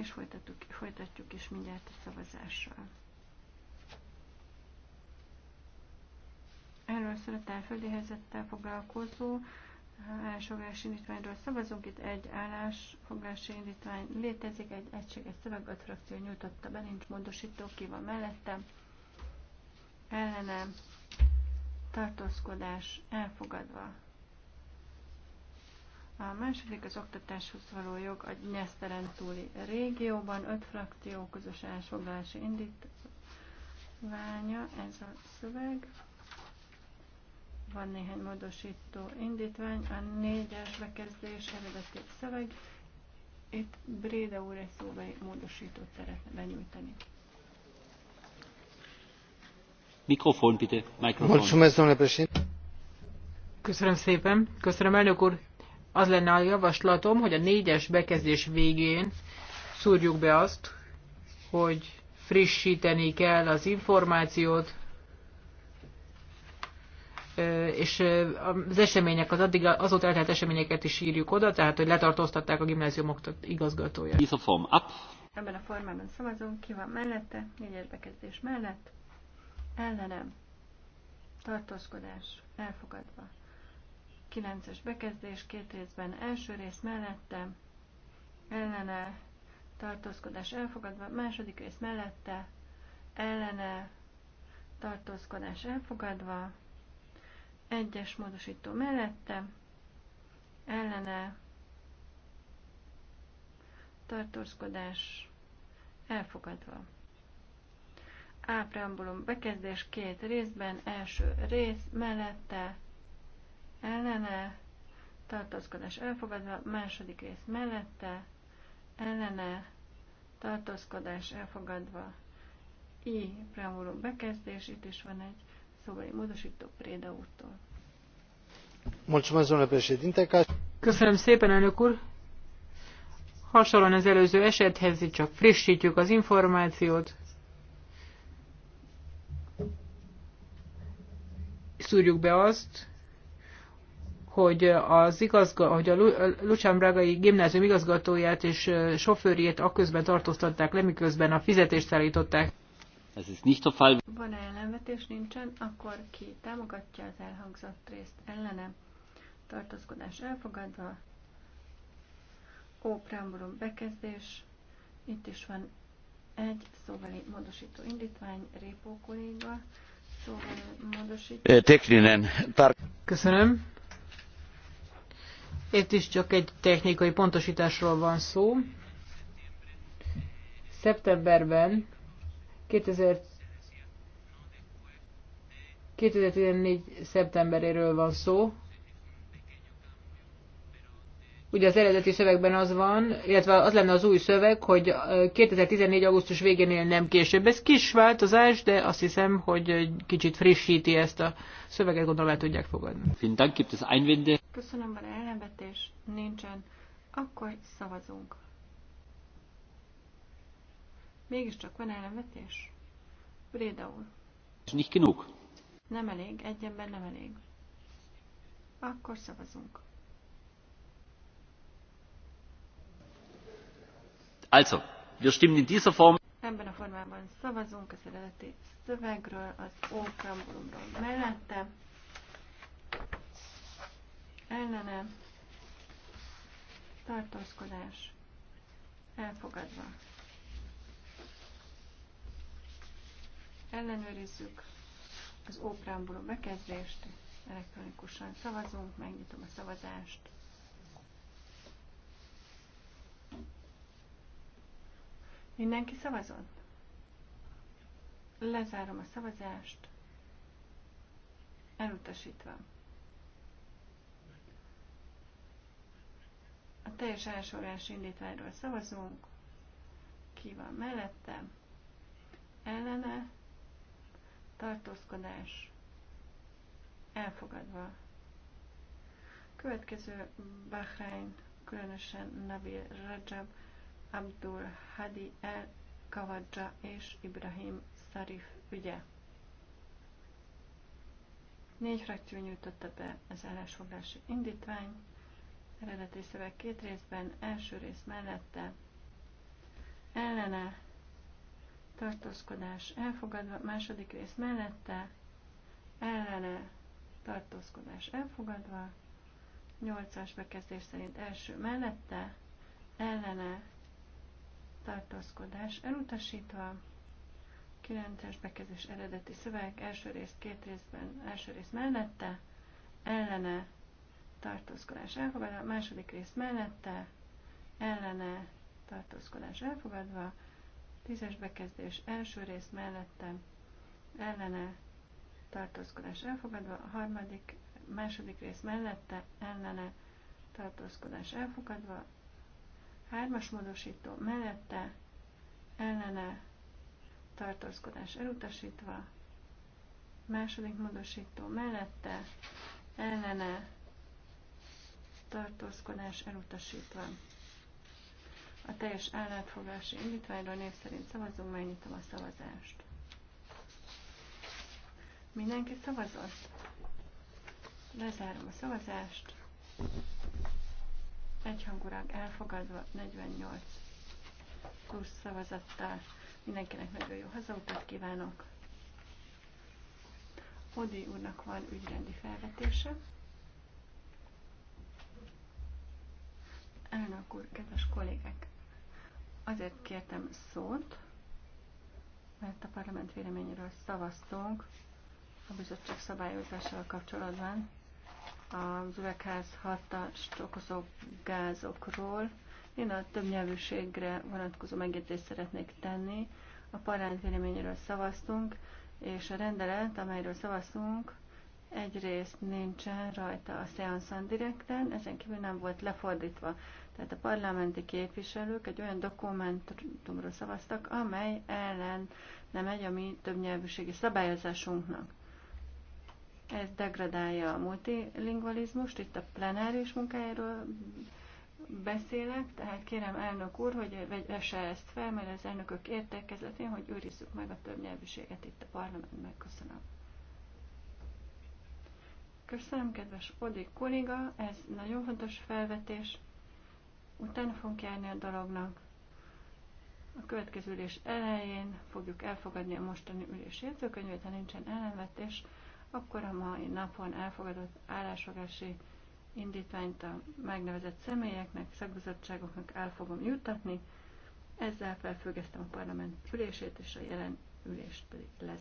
és folytatjuk, folytatjuk is mindjárt a szavazással. Először a tájföldi helyzettel foglalkozó eh, állásfoglalási indítványról szavazunk. Itt egy állásfoglási indítvány létezik, egy egységes szöveg, öt frakció nyújtotta be, nincs módosító, ki van mellette. Ellene tartózkodás elfogadva. A második az oktatáshoz való jog a Nyeszteren túli régióban. Öt frakció közös elfoglalási indítványa, ez a szöveg. Van néhány módosító indítvány, a négyes bekezdés eredeti szöveg. Itt Bréda úr egy szóval módosítót szeretne benyújtani. Mikrofon, Pite. Mikrofon. Köszönöm szépen. Köszönöm, elnök úr az lenne a javaslatom, hogy a négyes bekezdés végén szúrjuk be azt, hogy frissíteni kell az információt, és az események, az addig, azóta eltelt eseményeket is írjuk oda, tehát hogy letartóztatták a gimnáziumok igazgatóját. Ebben a formában szavazunk, ki van mellette, négyes bekezdés mellett, ellenem, tartózkodás, elfogadva. 9-es bekezdés két részben első rész mellette, ellene tartózkodás elfogadva, második rész mellette, ellene tartózkodás elfogadva, egyes módosító mellette, ellene tartózkodás elfogadva. Ápreambulum bekezdés két részben, első rész mellette, ellene, tartózkodás elfogadva, második rész mellette, ellene, tartózkodás elfogadva, i preambulum bekezdés, itt is van egy szóbeli módosító Préda úttól. Köszönöm szépen, elnök úr! Hasonlóan az előző esethez, itt csak frissítjük az információt. Szúrjuk be azt, hogy az igazga, hogy a Lucsán Bragai gimnázium igazgatóját és sofőrjét akközben tartóztatták le, miközben a fizetést szállították. Ez is nicht a fall. Van-e ellenvetés? Nincsen. Akkor ki támogatja az elhangzott részt ellene? Tartózkodás elfogadva. preambulum bekezdés. Itt is van egy szóbeli módosító indítvány, Répó kolléga. Szóval módosító. Köszönöm itt is csak egy technikai pontosításról van szó. Szeptemberben 2000 2014. szeptemberéről van szó, Ugye az eredeti szövegben az van, illetve az lenne az új szöveg, hogy 2014. augusztus végénél nem később. Ez kis változás, de azt hiszem, hogy kicsit frissíti ezt a szöveget, gondolom el tudják fogadni. Köszönöm, van elnevetés, Nincsen. Akkor szavazunk. Mégiscsak van elnevetés? Rédaul. Ez nincs genug. Nem elég, egy ember nem elég. Akkor szavazunk. Also, wir stimmen in dieser Form. Ebben a formában szavazunk az eredeti szövegről, az ókámbulumról mellette. Ellene. Tartózkodás. Elfogadva. Ellenőrizzük az ópreambulum bekezdést. Elektronikusan szavazunk, megnyitom a szavazást. Mindenki szavazott? Lezárom a szavazást. Elutasítva. A teljes elsorás indítványról szavazunk. Ki van mellette? Ellene. Tartózkodás. Elfogadva. Következő Bahrain, különösen Nabil Rajab Abdul Hadi El Kavadzsa és Ibrahim Sarif ügye. Négy frakció nyújtotta be az állásfoglási indítvány, eredeti szöveg két részben, első rész mellette, ellene, tartózkodás elfogadva, második rész mellette, ellene, tartózkodás elfogadva, nyolcas bekezdés szerint első mellette, ellene, tartózkodás elutasítva, 9-es bekezdés eredeti szöveg, első rész két részben, első rész mellette, ellene tartózkodás elfogadva, második rész mellette, ellene tartózkodás elfogadva, tízes bekezdés első rész mellette, ellene tartózkodás elfogadva, a harmadik, második rész mellette, ellene tartózkodás elfogadva, Hármas módosító mellette, ellene, tartózkodás elutasítva. Második módosító mellette, ellene, tartózkodás elutasítva. A teljes állátfogási indítványról név szerint szavazunk, megnyitom a szavazást. Mindenki szavazott? Lezárom a szavazást egyhangulag elfogadva 48 plusz szavazattal. Mindenkinek nagyon jó hazautat kívánok. Odi úrnak van ügyrendi felvetése. Elnök úr, kedves kollégek! Azért kértem szót, mert a parlament véleményéről szavaztunk a bizottság szabályozásával kapcsolatban az üvegházhatást okozó gázokról. Én a többnyelvűségre vonatkozó megjegyzést szeretnék tenni. A parlament véleményéről szavaztunk, és a rendelet, amelyről szavaztunk, egyrészt nincsen rajta a szeanszán direkten, ezen kívül nem volt lefordítva. Tehát a parlamenti képviselők egy olyan dokumentumról szavaztak, amely ellen nem egy a mi többnyelvűségi szabályozásunknak. Ez degradálja a multilingualizmust, itt a plenáris munkájáról beszélek, tehát kérem elnök úr, hogy vesse ezt fel, mert az elnökök értekezletén, hogy őrizzük meg a nyelvűséget itt a parlamentben. Köszönöm. Köszönöm, kedves Odi kolléga, ez nagyon fontos felvetés. Utána fogunk járni a dolognak. A következő ülés elején fogjuk elfogadni a mostani ülés jegyzőkönyvét, ha nincsen ellenvetés, akkor a mai napon elfogadott állásfogási indítványt a megnevezett személyeknek, szakbizottságoknak el fogom juttatni. Ezzel felfüggesztem a parlament ülését, és a jelen ülést pedig lesz.